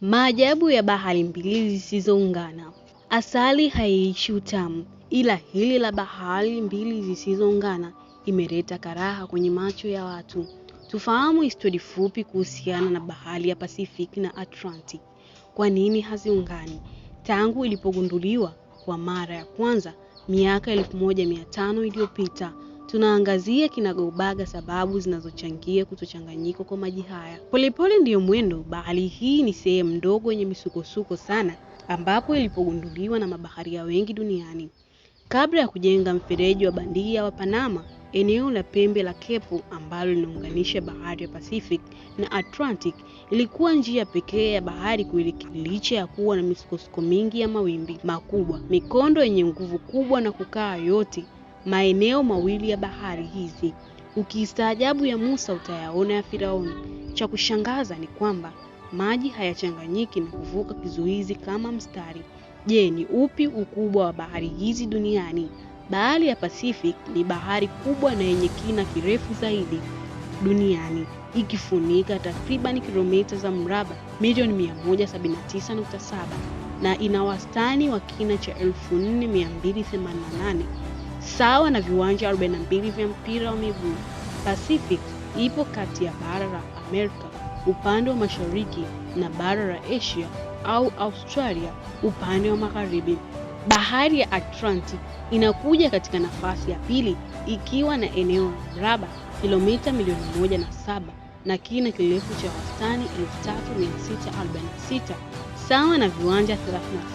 Maajabu ya bahari mbili zisizoungana. Asali haiishi utamu, ila hili la bahari mbili zisizoungana imeleta karaha kwenye macho ya watu. Tufahamu historia fupi kuhusiana na bahari ya Pacific na Atlantic. Kwa nini haziungani? Tangu ilipogunduliwa kwa mara ya kwanza miaka 1500 iliyopita Tunaangazia kinagaubaga sababu zinazochangia kutochanganyika kwa maji haya. Polepole ndiyo mwendo, bahari hii ni sehemu ndogo yenye misukosuko sana, ambapo ilipogunduliwa na mabaharia wengi duniani. Kabla ya kujenga mfereji wa bandia wa Panama, eneo la pembe la Kepu ambalo linaunganisha bahari ya Pacific na Atlantic ilikuwa njia pekee ya bahari kuelekea, licha ya kuwa na misukosuko mingi ya mawimbi makubwa, mikondo yenye nguvu kubwa na kukaa yote maeneo mawili ya bahari hizi. Ukistaajabu ya Musa utayaona ya Firauni. Cha kushangaza ni kwamba maji hayachanganyiki na kuvuka kizuizi kama mstari. Je, ni upi ukubwa wa bahari hizi duniani? Bahari ya Pacific ni bahari kubwa na yenye kina kirefu zaidi duniani ikifunika takriban kilomita za mraba milioni 179.7 na ina wastani wa kina cha 4288 sawa na viwanja 42 vya mpira wa miguu. Pacific ipo kati ya bara la Amerika upande wa mashariki na bara la Asia au Australia upande wa magharibi. Bahari ya Atlantic inakuja katika nafasi ya pili ikiwa na eneo mraba kilomita milioni moja na saba na kina kirefu cha wastani 3646 sawa na viwanja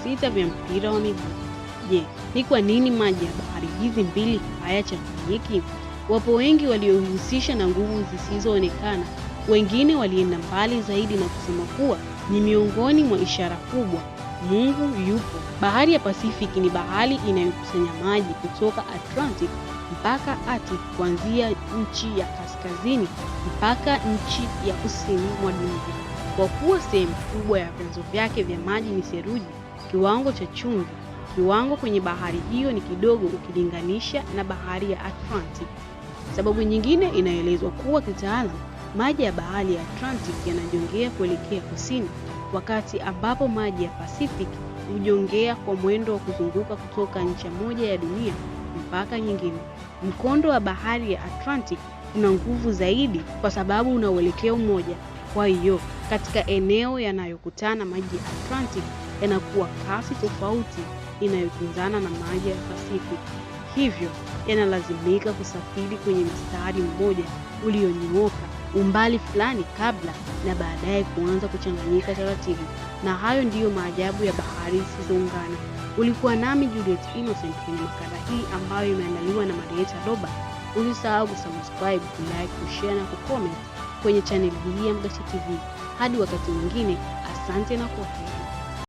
36 vya mpira wa miguu. Je, ni kwa nini maji ya bahari hizi mbili hayachanganyiki? Wapo wengi waliohusisha na nguvu zisizoonekana. Wengine walienda mbali zaidi na kusema kuwa ni miongoni mwa ishara kubwa Mungu yupo. Bahari ya Pasifiki ni bahari inayokusanya maji kutoka Atlantic mpaka Arctic, kuanzia nchi ya kaskazini mpaka nchi ya kusini mwa dunia. Kwa kuwa sehemu kubwa ya vyanzo vyake vya maji ni theluji, kiwango cha chumvi Kiwango kwenye bahari hiyo ni kidogo ukilinganisha na bahari ya Atlantic. Sababu nyingine inaelezwa kuwa kitaanza maji ya bahari ya Atlantic yanajongea kuelekea kusini, wakati ambapo maji ya Pacific hujongea kwa mwendo wa kuzunguka kutoka ncha moja ya dunia mpaka nyingine. Mkondo wa bahari ya Atlantic una nguvu zaidi kwa sababu una uelekeo mmoja. Kwa hiyo katika eneo yanayokutana maji ya Atlantic yanakuwa kasi tofauti inayokinzana na maji ya Pasifiki, hivyo yanalazimika kusafiri kwenye mstari mmoja ulionyooka umbali fulani kabla na baadaye kuanza kuchanganyika taratibu. Na hayo ndiyo maajabu ya bahari zisizoungana. Ulikuwa nami Juliet Innocent kwenye makala hii ambayo imeandaliwa na Marieta Roba. Usisahau kusubscribe, kulike, kushare na kucomment kwenye chaneli hii ya Mdashi TV. Hadi wakati mwingine, asante na kwaheri.